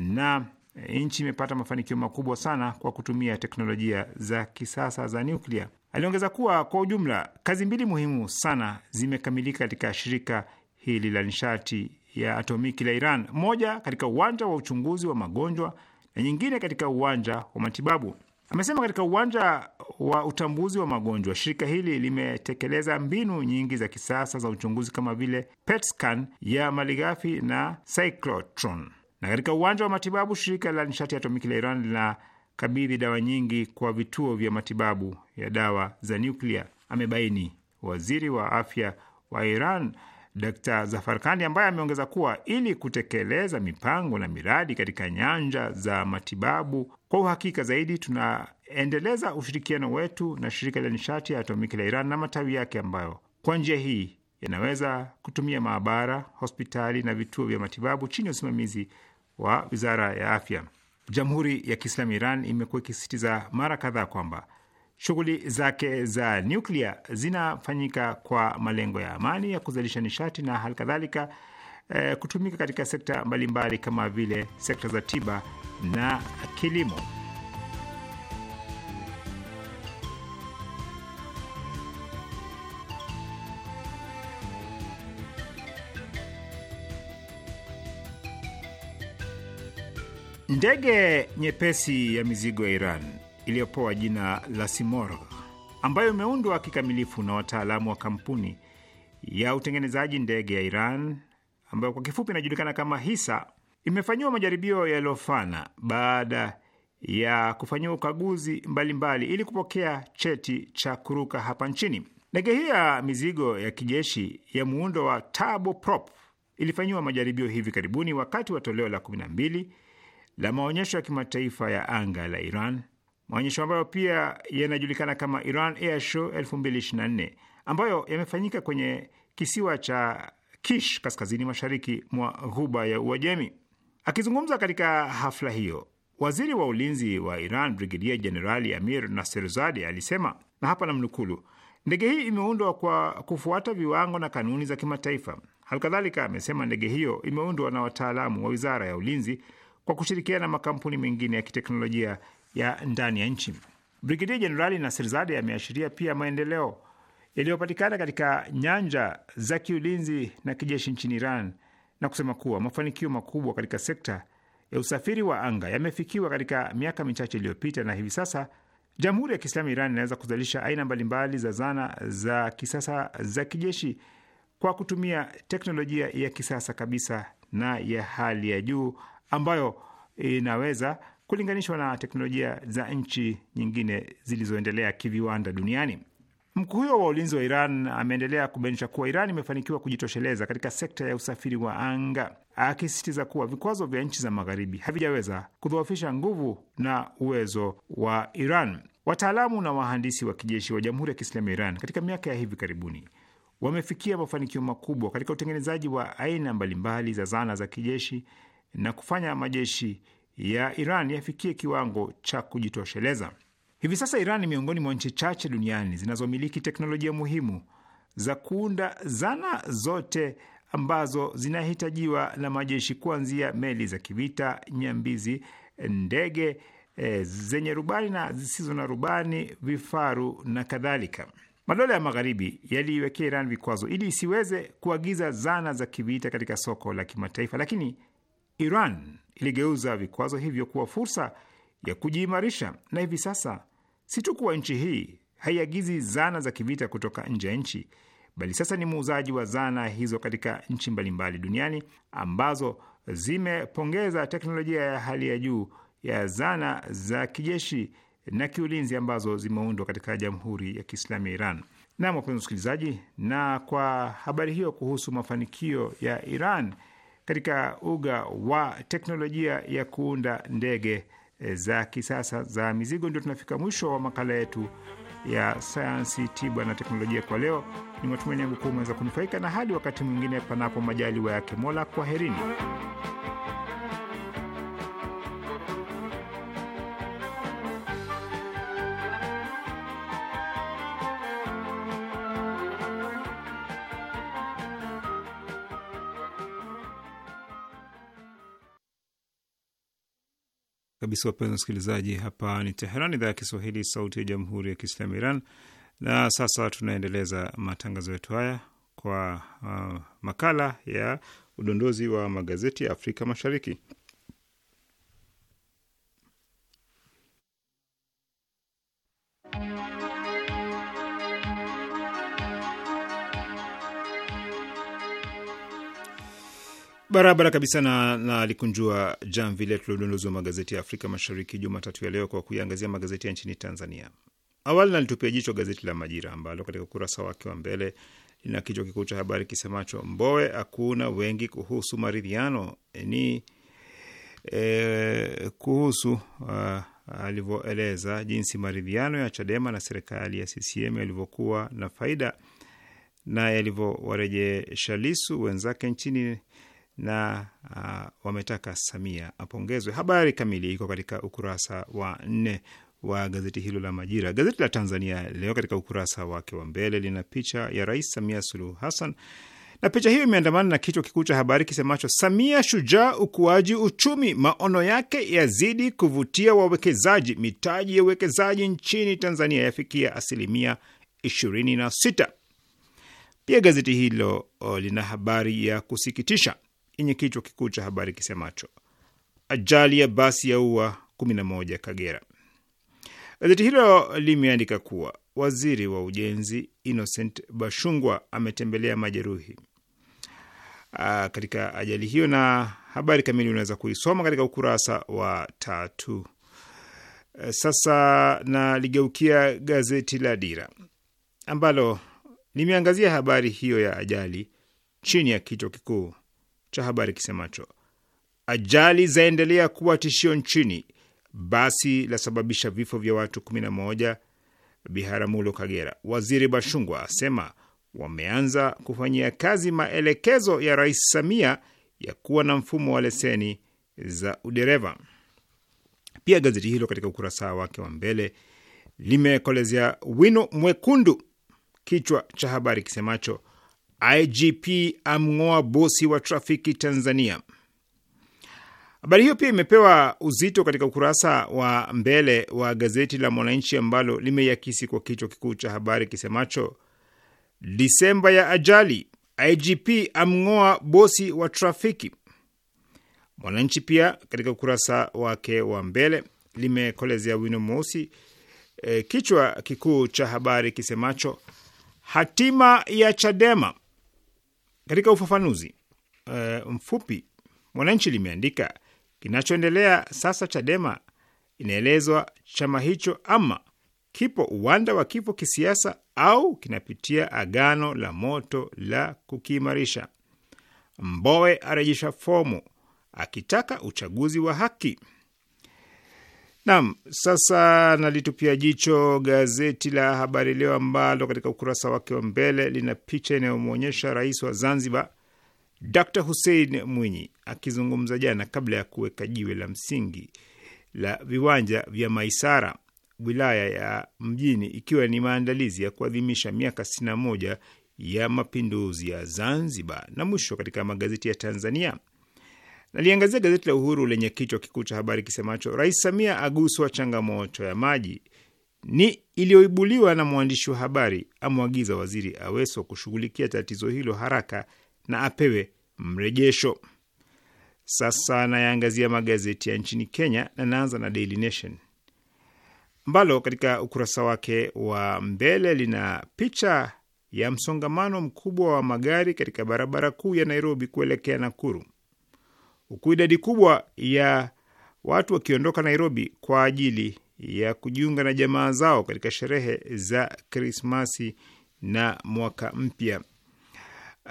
na eh, nchi imepata mafanikio makubwa sana kwa kutumia teknolojia za kisasa za nuklia Aliongeza kuwa kwa ujumla kazi mbili muhimu sana zimekamilika katika shirika hili la nishati ya atomiki la Iran, moja katika uwanja wa uchunguzi wa magonjwa na nyingine katika uwanja wa matibabu. Amesema katika uwanja wa utambuzi wa magonjwa, shirika hili limetekeleza mbinu nyingi za kisasa za uchunguzi kama vile PET scan ya malighafi na cyclotron. Na katika uwanja wa matibabu, shirika la nishati ya atomiki la Iran linakabidhi dawa nyingi kwa vituo vya matibabu ya dawa za nyuklia, amebaini waziri wa afya wa Iran Dr. Zafarkani ambaye ameongeza kuwa ili kutekeleza mipango na miradi katika nyanja za matibabu kwa uhakika zaidi, tunaendeleza ushirikiano wetu na shirika la nishati ya atomiki la Iran na matawi yake ambayo kwa njia hii yanaweza kutumia maabara, hospitali na vituo vya matibabu chini ya usimamizi wa wizara ya afya. Jamhuri ya Kiislamu Iran imekuwa ikisisitiza mara kadhaa kwamba shughuli zake za nyuklia zinafanyika kwa malengo ya amani ya kuzalisha nishati na hali kadhalika eh, kutumika katika sekta mbalimbali kama vile sekta za tiba na kilimo. Ndege nyepesi ya mizigo ya Iran iliyopewa jina la Simorgh, ambayo imeundwa kikamilifu na wataalamu wa kampuni ya utengenezaji ndege ya Iran ambayo kwa kifupi inajulikana kama Hisa, imefanyiwa majaribio yaliyofana baada ya kufanyiwa ukaguzi mbalimbali ili kupokea cheti cha kuruka hapa nchini. Ndege hii ya mizigo ya kijeshi ya muundo wa turboprop ilifanyiwa majaribio hivi karibuni wakati wa toleo la mbili la maonyesho ya kimataifa ya anga la Iran, maonyesho ambayo pia yanajulikana kama Iran Air Show 2024 ambayo yamefanyika kwenye kisiwa cha Kish kaskazini mashariki mwa ghuba ya Uajemi. Akizungumza katika hafla hiyo, waziri wa ulinzi wa Iran Brigedia Jenerali Amir Naserzade alisema, na hapa namnukulu, ndege hii imeundwa kwa kufuata viwango na kanuni za kimataifa. Halikadhalika amesema ndege hiyo imeundwa na wataalamu wa wizara ya ulinzi kwa kushirikiana na makampuni mengine ya kiteknolojia ya ndani ya nchi. Brigedia Jenerali Nasirzade ameashiria pia maendeleo yaliyopatikana katika nyanja za kiulinzi na kijeshi nchini Iran na kusema kuwa mafanikio makubwa katika sekta ya usafiri wa anga yamefikiwa katika miaka michache iliyopita, na hivi sasa Jamhuri ya Kiislamu ya Iran inaweza kuzalisha aina mbalimbali za zana za kisasa za kijeshi kwa kutumia teknolojia ya kisasa kabisa na ya hali ya juu ambayo inaweza kulinganishwa na teknolojia za nchi nyingine zilizoendelea kiviwanda duniani. Mkuu huyo wa ulinzi wa Iran ameendelea kubainisha kuwa Iran imefanikiwa kujitosheleza katika sekta ya usafiri wa anga, akisisitiza kuwa vikwazo vya nchi za magharibi havijaweza kudhoofisha nguvu na uwezo wa Iran. Wataalamu na wahandisi wa kijeshi wa Jamhuri ya Kiislamu ya Iran katika miaka ya hivi karibuni wamefikia mafanikio makubwa katika utengenezaji wa aina mbalimbali za zana za kijeshi na kufanya majeshi ya Iran yafikie kiwango cha kujitosheleza. Hivi sasa Iran ni miongoni mwa nchi chache duniani zinazomiliki teknolojia muhimu za kuunda zana zote ambazo zinahitajiwa na majeshi, kuanzia meli za kivita, nyambizi, ndege e, zenye rubani na zisizo na rubani, vifaru na kadhalika. Madola ya Magharibi yaliiwekea Iran vikwazo ili isiweze kuagiza zana za kivita katika soko la kimataifa, lakini Iran iligeuza vikwazo hivyo kuwa fursa ya kujiimarisha, na hivi sasa si tu kuwa nchi hii haiagizi zana za kivita kutoka nje ya nchi, bali sasa ni muuzaji wa zana hizo katika nchi mbalimbali duniani ambazo zimepongeza teknolojia ya hali ya juu ya zana za kijeshi na kiulinzi ambazo zimeundwa katika Jamhuri ya Kiislamu ya Iran. Nam, wapenzi msikilizaji na kwa habari hiyo kuhusu mafanikio ya Iran katika uga wa teknolojia ya kuunda ndege e, za kisasa za mizigo. Ndio tunafika mwisho wa makala yetu ya sayansi, tiba na teknolojia kwa leo. Ni matumaini yangu kuwa umeweza kunufaika, na hadi wakati mwingine, panapo majaliwa yake Mola, kwaherini. kabisa wapenzi wasikilizaji, hapa ni Teheran, idhaa ya Kiswahili, sauti ya jamhuri ya kiislamu Iran. Na sasa tunaendeleza matangazo yetu haya kwa uh, makala ya udondozi wa magazeti ya Afrika Mashariki. Barabara kabisa na, na alikunjua jamvi letu la udondozi wa magazeti ya Afrika Mashariki Jumatatu ya leo kwa kuiangazia magazeti ya nchini Tanzania. Awali nalitupia jicho gazeti la Majira ambalo katika ukurasa wake wa mbele lina kichwa kikuu cha habari kisemacho Mbowe hakuna wengi kuhusu maridhiano. E, ni e, kuhusu alivyoeleza jinsi maridhiano ya Chadema na serikali ya CCM yalivyokuwa na faida na yalivyowarejesha Lisu wenzake nchini na uh, wametaka Samia apongezwe. Habari kamili iko katika ukurasa wa nne wa gazeti hilo la Majira. Gazeti la Tanzania Leo katika ukurasa wake wa mbele lina picha ya Rais Samia Suluhu Hassan na picha hiyo imeandamana na kichwa kikuu cha habari kisemacho Samia shujaa ukuaji uchumi, maono yake yazidi kuvutia wawekezaji, mitaji ya uwekezaji nchini Tanzania yafikia asilimia 26. Pia gazeti hilo oh, lina habari ya kusikitisha yenye kichwa kikuu cha habari kisemacho ajali ya basi ya ua 11 Kagera. Gazeti hilo limeandika kuwa waziri wa ujenzi Innocent Bashungwa ametembelea majeruhi ah, katika ajali hiyo, na habari kamili unaweza kuisoma katika ukurasa wa tatu. Sasa naligeukia gazeti la Dira ambalo limeangazia habari hiyo ya ajali chini ya kichwa kikuu cha habari kisemacho ajali zaendelea kuwa tishio nchini, basi lasababisha vifo vya watu 11 Biharamulo, Kagera. Waziri Bashungwa asema wameanza kufanyia kazi maelekezo ya Rais Samia ya kuwa na mfumo wa leseni za udereva. Pia gazeti hilo katika ukurasa wake wa mbele limekolezea wino mwekundu kichwa cha habari kisemacho IGP amng'oa bosi wa trafiki Tanzania. Habari hiyo pia imepewa uzito katika ukurasa wa mbele wa gazeti la Mwananchi ambalo limeyakisi kwa kichwa kikuu cha habari kisemacho Disemba ya ajali, IGP amng'oa bosi wa trafiki. Mwananchi pia katika ukurasa wake wa mbele limekolezea wino mweusi e, kichwa kikuu cha habari kisemacho hatima ya Chadema, katika ufafanuzi uh, mfupi, Mwananchi limeandika kinachoendelea sasa, Chadema inaelezwa chama hicho ama kipo uwanda wa kifo kisiasa au kinapitia agano la moto la kukiimarisha. Mbowe arejesha fomu akitaka uchaguzi wa haki. Naam, sasa nalitupia jicho gazeti la Habari Leo ambalo katika ukurasa wake wa mbele lina picha inayomwonyesha rais wa Zanzibar Dr Hussein Mwinyi akizungumza jana kabla ya kuweka jiwe la msingi la viwanja vya Maisara wilaya ya Mjini, ikiwa ni maandalizi ya kuadhimisha miaka 61 ya mapinduzi ya Zanzibar. Na mwisho katika magazeti ya Tanzania Naliangazia gazeti la Uhuru lenye kichwa kikuu cha habari kisemacho Rais Samia aguswa changamoto ya maji, ni iliyoibuliwa na mwandishi wa habari, amwagiza Waziri Aweso kushughulikia tatizo hilo haraka na apewe mrejesho. Sasa nayaangazia magazeti ya nchini Kenya na naanza na Daily Nation ambalo katika ukurasa wake wa mbele lina picha ya msongamano mkubwa wa magari katika barabara kuu ya Nairobi kuelekea Nakuru huku idadi kubwa ya watu wakiondoka Nairobi kwa ajili ya kujiunga na jamaa zao katika sherehe za Krismasi na mwaka mpya.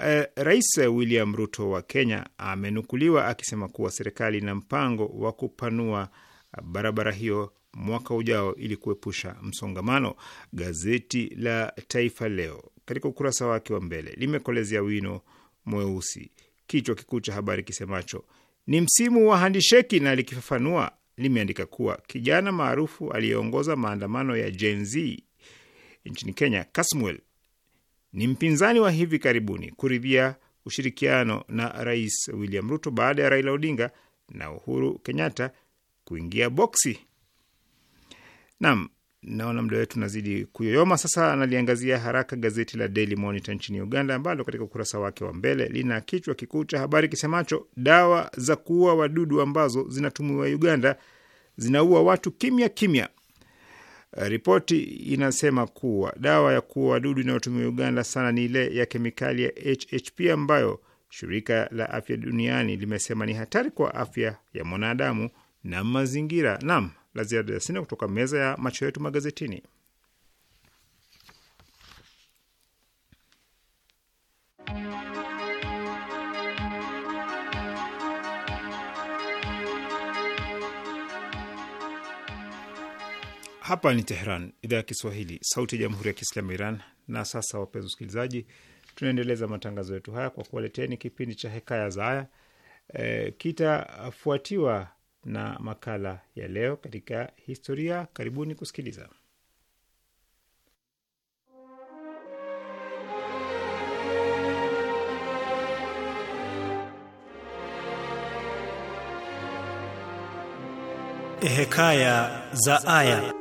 Eh, Rais William Ruto wa Kenya amenukuliwa akisema kuwa serikali ina mpango wa kupanua barabara hiyo mwaka ujao ili kuepusha msongamano. Gazeti la Taifa Leo katika ukurasa wake wa mbele limekolezea wino mweusi kichwa kikuu cha habari kisemacho ni msimu wa handisheki, na likifafanua limeandika kuwa kijana maarufu aliyeongoza maandamano ya Gen Z nchini Kenya, Kasmuel ni mpinzani wa hivi karibuni kuridhia ushirikiano na Rais William Ruto baada ya Raila Odinga na Uhuru Kenyatta kuingia boksi. Naam, Naona muda wetu unazidi kuyoyoma. Sasa analiangazia haraka gazeti la Daily Monitor nchini Uganda, ambalo katika ukurasa wake wa mbele lina kichwa kikuu cha habari kisemacho dawa za kuua wadudu ambazo zinatumiwa Uganda zinaua watu kimya kimya. Eh, ripoti inasema kuwa dawa ya kuua wadudu inayotumiwa Uganda sana ni ile ya kemikali ya HHP ambayo shirika la afya duniani limesema ni hatari kwa afya ya mwanadamu na mazingira. Naam la ziada sina kutoka meza ya macho yetu magazetini. Hapa ni Teheran, idhaa ya Kiswahili, sauti ya jamhuri ya kiislamu ya Iran. Na sasa, wapenzi wasikilizaji, tunaendeleza matangazo yetu haya kwa kuwaleteni kipindi cha Hekaya za Aya. E, kitafuatiwa na makala ya leo katika historia. Karibuni kusikiliza. Hekaya za Aya.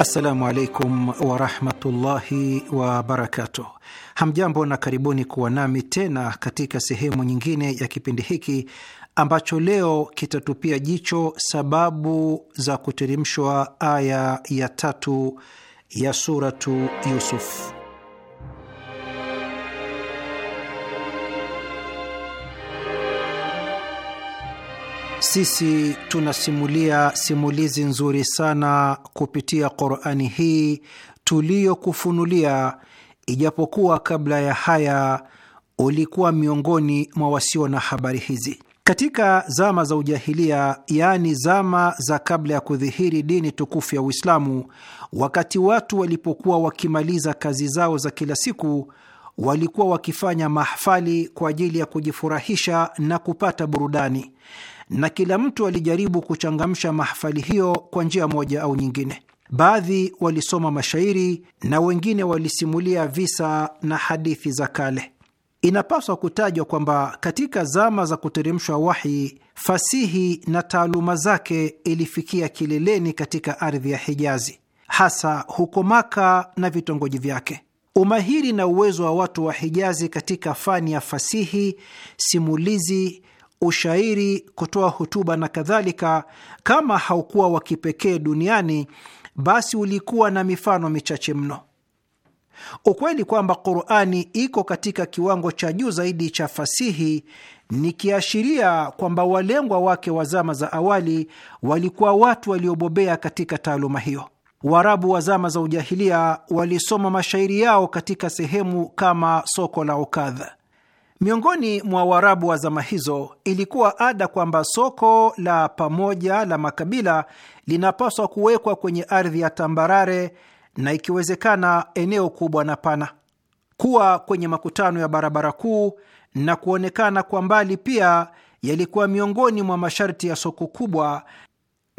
Assalamu alaikum warahmatullahi wabarakatuh. Hamjambo na karibuni kuwa nami tena katika sehemu nyingine ya kipindi hiki ambacho leo kitatupia jicho sababu za kuteremshwa aya ya tatu ya Suratu Yusuf. Sisi tunasimulia simulizi nzuri sana kupitia Qurani hii tuliyokufunulia, ijapokuwa kabla ya haya ulikuwa miongoni mwa wasio na habari hizi. Katika zama za ujahilia, yaani zama za kabla ya kudhihiri dini tukufu ya Uislamu, wakati watu walipokuwa wakimaliza kazi zao za kila siku, walikuwa wakifanya mahfali kwa ajili ya kujifurahisha na kupata burudani, na kila mtu alijaribu kuchangamsha mahafali hiyo kwa njia moja au nyingine. Baadhi walisoma mashairi na wengine walisimulia visa na hadithi za kale. Inapaswa kutajwa kwamba katika zama za kuteremshwa wahi, fasihi na taaluma zake ilifikia kileleni katika ardhi ya Hijazi, hasa huko Maka na vitongoji vyake. Umahiri na uwezo wa watu wa Hijazi katika fani ya fasihi, simulizi ushairi, kutoa hotuba na kadhalika, kama haukuwa wa kipekee duniani, basi ulikuwa na mifano michache mno. Ukweli kwamba Qurani iko katika kiwango cha juu zaidi cha fasihi ni kiashiria kwamba walengwa wake wa zama za awali walikuwa watu waliobobea katika taaluma hiyo. Waarabu wa zama za ujahilia walisoma mashairi yao katika sehemu kama soko la Ukadha. Miongoni mwa Waarabu wa zama hizo ilikuwa ada kwamba soko la pamoja la makabila linapaswa kuwekwa kwenye ardhi ya tambarare na ikiwezekana eneo kubwa na pana, kuwa kwenye makutano ya barabara kuu na kuonekana kwa mbali pia yalikuwa miongoni mwa masharti ya soko kubwa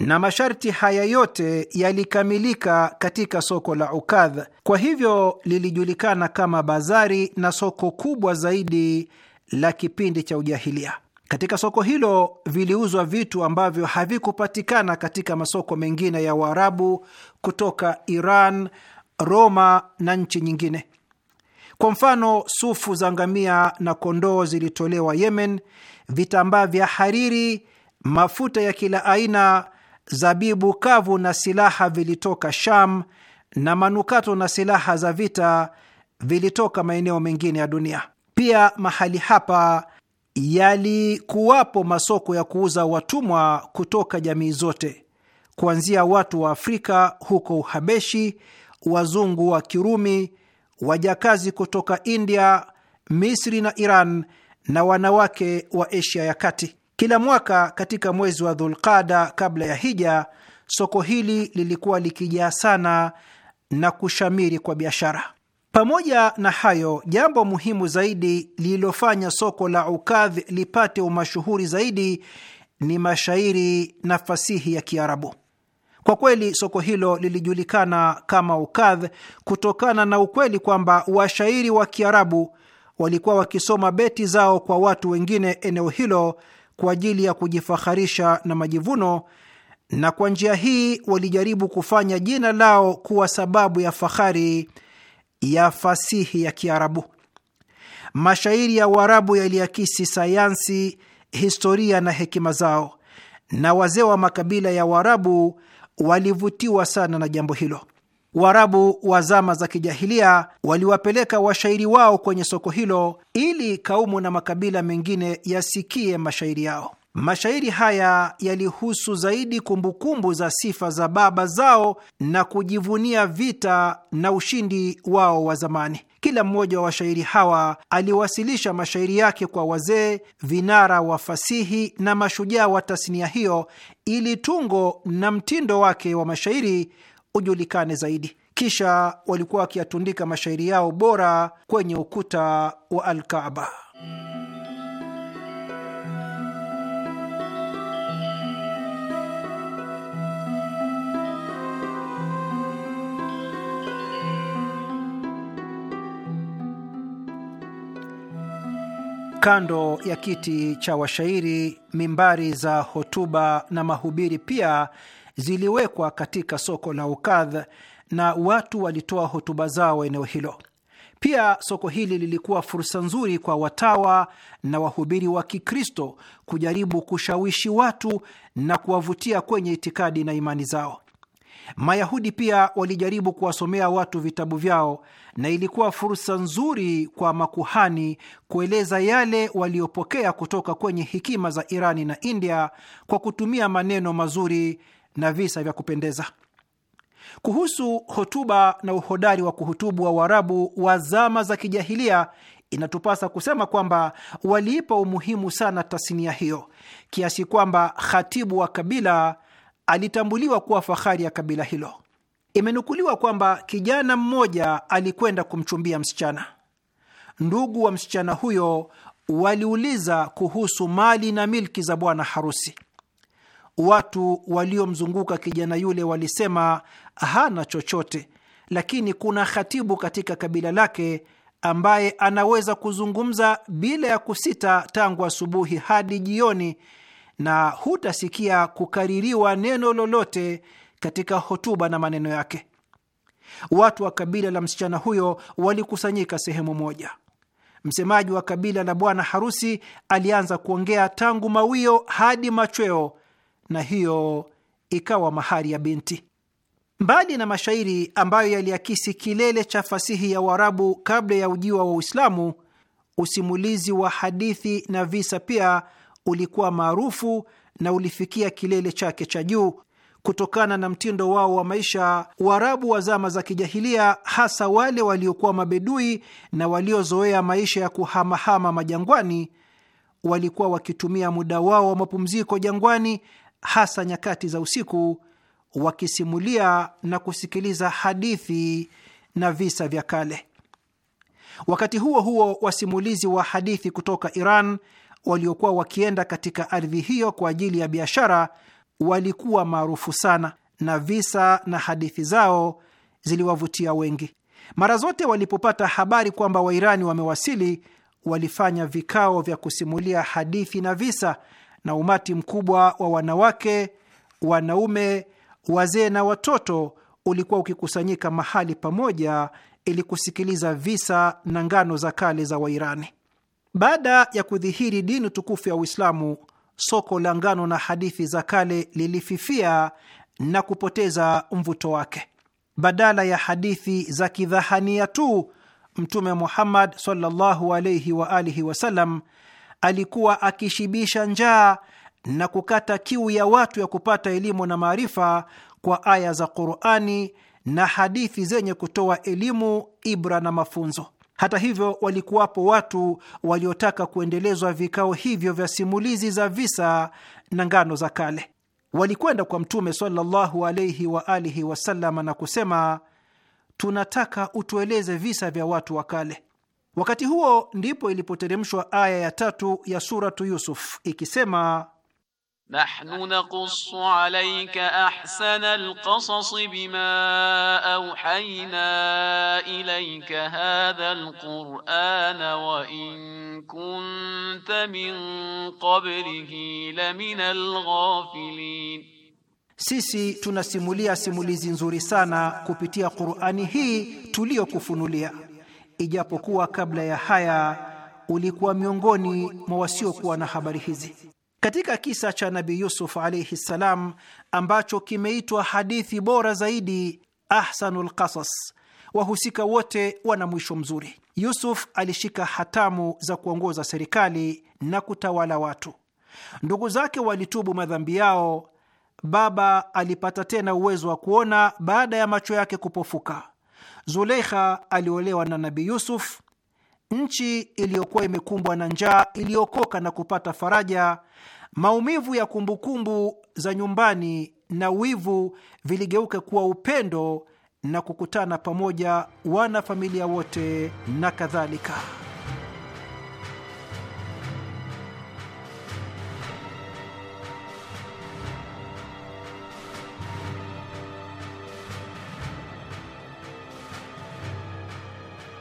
na masharti haya yote yalikamilika katika soko la Ukadh. Kwa hivyo lilijulikana kama bazari na soko kubwa zaidi la kipindi cha ujahilia. Katika soko hilo viliuzwa vitu ambavyo havikupatikana katika masoko mengine ya Waarabu kutoka Iran, Roma na nchi nyingine. Kwa mfano, sufu za ngamia na kondoo zilitolewa Yemen, vitambaa vya hariri, mafuta ya kila aina zabibu kavu na silaha vilitoka Sham na manukato na silaha za vita vilitoka maeneo mengine ya dunia. Pia mahali hapa yalikuwapo masoko ya kuuza watumwa kutoka jamii zote, kuanzia watu wa Afrika huko Uhabeshi, wazungu wa Kirumi, wajakazi kutoka India, Misri na Iran na wanawake wa Asia ya Kati. Kila mwaka katika mwezi wa Dhulqada kabla ya hija, soko hili lilikuwa likijaa sana na kushamiri kwa biashara. Pamoja na hayo, jambo muhimu zaidi lililofanya soko la Ukadh lipate umashuhuri zaidi ni mashairi na fasihi ya Kiarabu. Kwa kweli soko hilo lilijulikana kama Ukadh kutokana na ukweli kwamba washairi wa Kiarabu walikuwa wakisoma beti zao kwa watu wengine eneo hilo kwa ajili ya kujifaharisha na majivuno, na kwa njia hii walijaribu kufanya jina lao kuwa sababu ya fahari ya fasihi ya Kiarabu. Mashairi ya Uarabu yaliakisi sayansi, historia na hekima zao, na wazee wa makabila ya Uarabu walivutiwa sana na jambo hilo. Waarabu wa zama za kijahilia waliwapeleka washairi wao kwenye soko hilo ili kaumu na makabila mengine yasikie mashairi yao. Mashairi haya yalihusu zaidi kumbukumbu za sifa za baba zao na kujivunia vita na ushindi wao wa zamani. Kila mmoja wa washairi hawa aliwasilisha mashairi yake kwa wazee, vinara wa fasihi na mashujaa wa tasnia hiyo, ili tungo na mtindo wake wa mashairi ujulikane zaidi. Kisha walikuwa wakiyatundika mashairi yao bora kwenye ukuta wa Alkaaba. Kando ya kiti cha washairi, mimbari za hotuba na mahubiri pia ziliwekwa katika soko la Ukadh na watu walitoa hotuba zao eneo hilo. Pia soko hili lilikuwa fursa nzuri kwa watawa na wahubiri wa Kikristo kujaribu kushawishi watu na kuwavutia kwenye itikadi na imani zao. Mayahudi pia walijaribu kuwasomea watu vitabu vyao na ilikuwa fursa nzuri kwa makuhani kueleza yale waliopokea kutoka kwenye hekima za Irani na India kwa kutumia maneno mazuri na visa vya kupendeza. Kuhusu hotuba na uhodari wa kuhutubu wa Waarabu wa zama za kijahilia, inatupasa kusema kwamba waliipa umuhimu sana tasnia hiyo kiasi kwamba khatibu wa kabila alitambuliwa kuwa fahari ya kabila hilo. Imenukuliwa kwamba kijana mmoja alikwenda kumchumbia msichana. Ndugu wa msichana huyo waliuliza kuhusu mali na milki za bwana harusi. Watu waliomzunguka kijana yule walisema hana chochote, lakini kuna khatibu katika kabila lake ambaye anaweza kuzungumza bila ya kusita tangu asubuhi hadi jioni, na hutasikia kukaririwa neno lolote katika hotuba na maneno yake. Watu wa kabila la msichana huyo walikusanyika sehemu moja. Msemaji wa kabila la bwana harusi alianza kuongea tangu mawio hadi machweo na hiyo ikawa mahari ya binti. Mbali na mashairi ambayo yaliakisi kilele cha fasihi ya Uarabu kabla ya ujiwa wa Uislamu, usimulizi wa hadithi na visa pia ulikuwa maarufu na ulifikia kilele chake cha juu kutokana na mtindo wao wa maisha. Waarabu wa zama za kijahilia, hasa wale waliokuwa mabedui na waliozoea maisha ya kuhamahama majangwani, walikuwa wakitumia muda wao wa mapumziko jangwani hasa nyakati za usiku, wakisimulia na kusikiliza hadithi na visa vya kale. Wakati huo huo, wasimulizi wa hadithi kutoka Iran waliokuwa wakienda katika ardhi hiyo kwa ajili ya biashara walikuwa maarufu sana, na visa na hadithi zao ziliwavutia wengi. Mara zote walipopata habari kwamba Wairani wamewasili, walifanya vikao vya kusimulia hadithi na visa na umati mkubwa wa wanawake, wanaume, wazee na watoto ulikuwa ukikusanyika mahali pamoja ili kusikiliza visa na ngano za kale za Wairani. Baada ya kudhihiri dini tukufu ya Uislamu, soko la ngano na hadithi za kale lilififia na kupoteza mvuto wake. Badala ya hadithi za kidhahania tu, Mtume Muhammad sallallahu alayhi wa alihi wasallam alikuwa akishibisha njaa na kukata kiu ya watu ya kupata elimu na maarifa kwa aya za Qurani na hadithi zenye kutoa elimu, ibra na mafunzo. Hata hivyo, walikuwapo watu waliotaka kuendelezwa vikao hivyo vya simulizi za visa na ngano za kale. Walikwenda kwa Mtume sallallahu alaihi wa alihi wasallam na kusema, tunataka utueleze visa vya watu wa kale. Wakati huo ndipo ilipoteremshwa aya ya tatu ya suratu Yusuf ikisema Nahnu naqussu alayka ahsana alqasas bima awhayna ilayka hadha alqur'ana wa in kunta min qablihi lamina alghafilin, sisi tunasimulia simulizi nzuri sana kupitia Qur'ani hii tuliyokufunulia ijapokuwa kabla ya haya ulikuwa miongoni mwa wasiokuwa na habari hizi. Katika kisa cha Nabii Yusuf alaihi ssalam ambacho kimeitwa hadithi bora zaidi, ahsanul qasas, wahusika wote wana mwisho mzuri. Yusuf alishika hatamu za kuongoza serikali na kutawala watu. Ndugu zake walitubu madhambi yao. Baba alipata tena uwezo wa kuona baada ya macho yake kupofuka. Zuleikha aliolewa na Nabii Yusuf. Nchi iliyokuwa imekumbwa na njaa iliokoka na kupata faraja. Maumivu ya kumbukumbu za nyumbani na wivu viligeuka kuwa upendo na kukutana pamoja wanafamilia wote na kadhalika.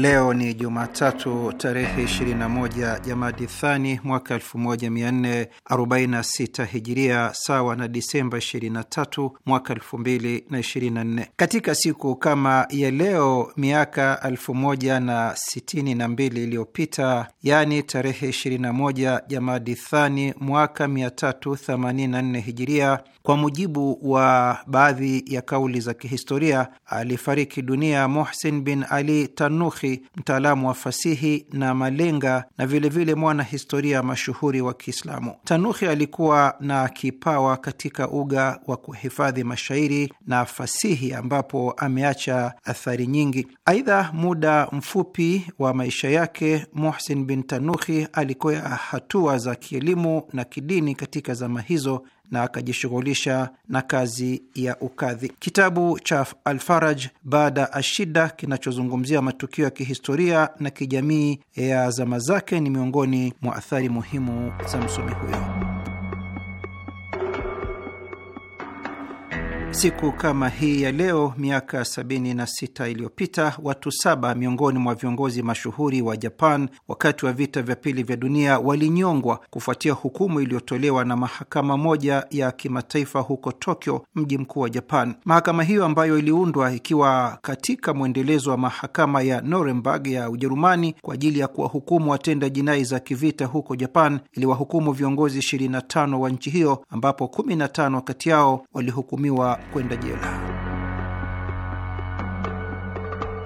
Leo ni Jumatatu, tarehe 21 Jamadi Thani mwaka 1446 Hijiria, sawa na Disemba 23 mwaka 2024. Katika siku kama ya leo miaka 1062 iliyopita, yaani tarehe 21 Jamadi Thani mwaka 384 Hijiria, kwa mujibu wa baadhi ya kauli za kihistoria, alifariki dunia Muhsin bin Ali Tanuhi Misri, mtaalamu wa fasihi na malenga na vilevile mwana historia mashuhuri wa Kiislamu. Tanuhi alikuwa na kipawa katika uga wa kuhifadhi mashairi na fasihi, ambapo ameacha athari nyingi. Aidha, muda mfupi wa maisha yake, Muhsin bin Tanuhi alikuwa hatua za kielimu na kidini katika zama hizo na akajishughulisha na kazi ya ukadhi. Kitabu cha Alfaraj baada ashida kinachozungumzia matukio ya kihistoria na kijamii ya zama zake ni miongoni mwa athari muhimu za msomi huyo. Siku kama hii ya leo miaka 76 iliyopita watu saba miongoni mwa viongozi mashuhuri wa Japan wakati wa vita vya pili vya dunia walinyongwa kufuatia hukumu iliyotolewa na mahakama moja ya kimataifa huko Tokyo, mji mkuu wa Japan. Mahakama hiyo ambayo iliundwa ikiwa katika mwendelezo wa mahakama ya Nuremberg ya Ujerumani kwa ajili ya kuwahukumu watenda jinai za kivita huko Japan iliwahukumu viongozi 25 wa nchi hiyo ambapo 15 kati yao walihukumiwa kwenda jela.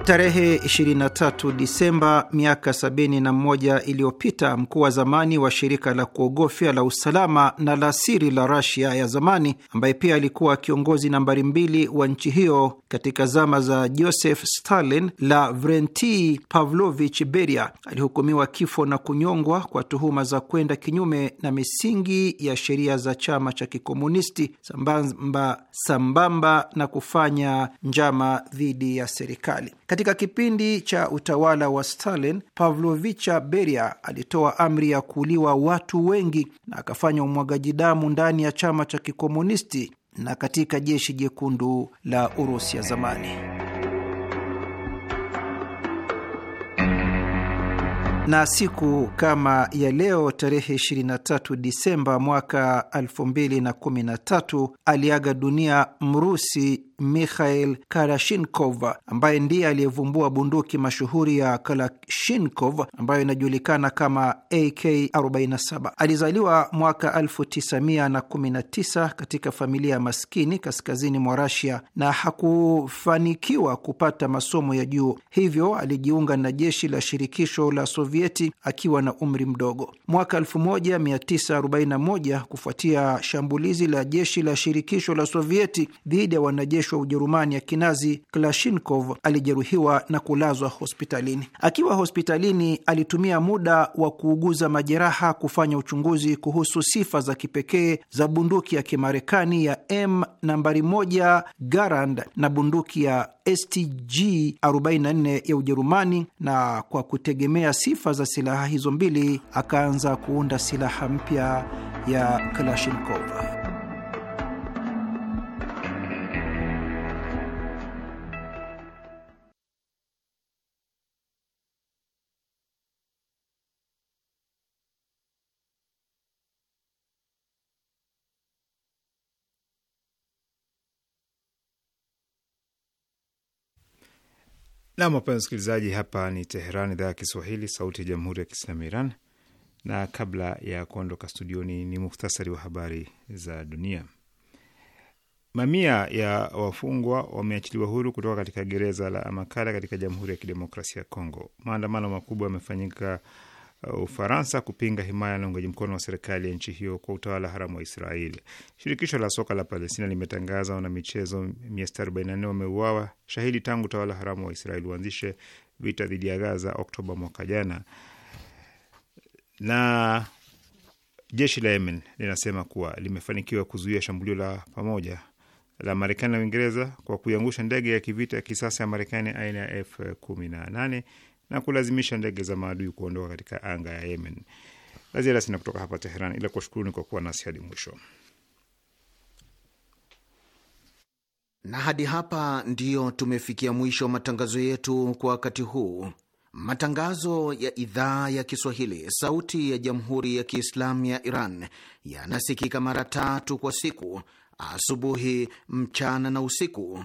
Tarehe 23 Disemba miaka 71 iliyopita, mkuu wa zamani wa shirika la kuogofya la usalama na la siri la Rasia ya zamani, ambaye pia alikuwa kiongozi nambari mbili wa nchi hiyo katika zama za Joseph Stalin, Lavrenti Pavlovich Beria, alihukumiwa kifo na kunyongwa kwa tuhuma za kwenda kinyume na misingi ya sheria za chama cha kikomunisti sambamba, sambamba na kufanya njama dhidi ya serikali. Katika kipindi cha utawala wa Stalin, Pavlovicha Beria alitoa amri ya kuuliwa watu wengi na akafanya umwagaji damu ndani ya chama cha kikomunisti na katika jeshi jekundu la Urusi ya zamani. na siku kama ya leo tarehe 23 Disemba mwaka 2013 aliaga dunia Mrusi Mikhail karashinkov ambaye ndiye aliyevumbua bunduki mashuhuri ya Kalashnikov ambayo inajulikana kama AK47. Alizaliwa mwaka 1919 katika familia ya maskini kaskazini mwa Rasia na hakufanikiwa kupata masomo ya juu, hivyo alijiunga na jeshi la shirikisho la Sovieti akiwa na umri mdogo. Mwaka 1941 kufuatia shambulizi la jeshi la shirikisho la Sovieti dhidi ya wanajeshi wa Ujerumani ya kinazi Klashinkov alijeruhiwa na kulazwa hospitalini. Akiwa hospitalini, alitumia muda wa kuuguza majeraha kufanya uchunguzi kuhusu sifa za kipekee za bunduki ya Kimarekani ya M nambari moja Garand na bunduki ya STG 44 ya Ujerumani, na kwa kutegemea sifa za silaha hizo mbili akaanza kuunda silaha mpya ya Kalashnikov. Nam, wapenzi msikilizaji, hapa ni Teheran, idhaa ya Kiswahili, sauti ya jamhuri ya kiislamu Iran. Na kabla ya kuondoka studioni, ni muhtasari wa habari za dunia. Mamia ya wafungwa wameachiliwa huru kutoka katika gereza la Makala katika Jamhuri ya Kidemokrasia ya Kongo. Maandamano makubwa yamefanyika Uh, Ufaransa kupinga himaya na uungaji mkono wa serikali ya nchi hiyo kwa utawala haramu wa Israeli. Shirikisho la soka la Palestina limetangaza wanamichezo 644 wameuawa shahidi tangu utawala haramu wa Israeli uanzishe vita dhidi ya Gaza Oktoba mwaka jana. Na jeshi la Yemen linasema kuwa limefanikiwa kuzuia shambulio la pamoja la Marekani na Uingereza kwa kuiangusha ndege ya kivita ya kisasa ya Marekani aina ya F18 na kulazimisha ndege za maadui kuondoka katika anga ya Yemen. La ziada sina kutoka hapa Teheran, ila kuwashukuruni kwa kuwa nasi hadi mwisho. Na hadi hapa ndiyo tumefikia mwisho wa matangazo yetu kwa wakati huu. Matangazo ya idhaa ya Kiswahili, sauti ya jamhuri ya kiislamu ya Iran yanasikika mara tatu kwa siku: asubuhi, mchana na usiku.